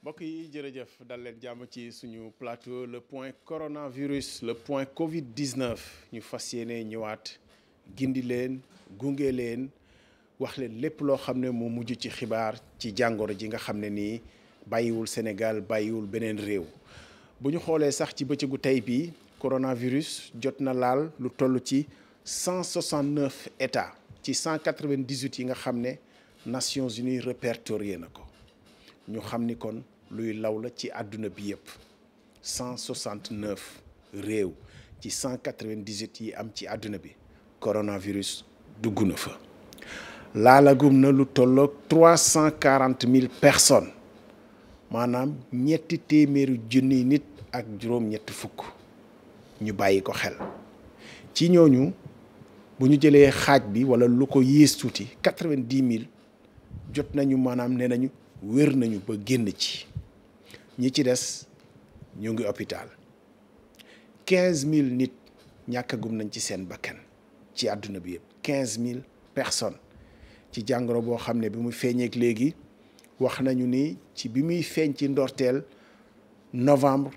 mbokk yi jërëjëf dal leen jàmm ci suñu plateau le point coronavirus le point Covid 19 ñu fas yéene ñëwaat gindi leen gunge leen wax leen lépp loo xam ne moo mujj ci xibaar ci jàngoro ji nga xam ne nii bàyyiwul Sénégal bàyyiwul beneen réew bu ñu xoolee sax ci bëccëgu tey bi coronavirus jot na laal lu toll ci 169 états ci 198 yi nga xam ne Nations Unies répertorié na ko. ñu xam ni kon luy law la ci àdduna bi yëpp 169 réew ci 198 yi am ci àdduna bi coronavirus dugg na fa laalagum na lu tolloog 340 000 personnes maanaam ñetti téeméeru junniy nit ak juróom-ñetti fukk ñu bàyyi ko xel ci ñooñu bu ñu jëlee xaaj bi wala lu ko yées tuuti 90 000 jot nañu maanaam nee nañu wér nañu ba génn ci ñi ci des ñu ngi hôpital quinze mille nit ñàkkagum nañ ci seen bakkan ci àdduna bi yëpp quinze mille personnes ci jàngoro boo xam ne bi mu feeñeek léegi wax nañu ni ci bi muy feeñ ci ndoorteel novembre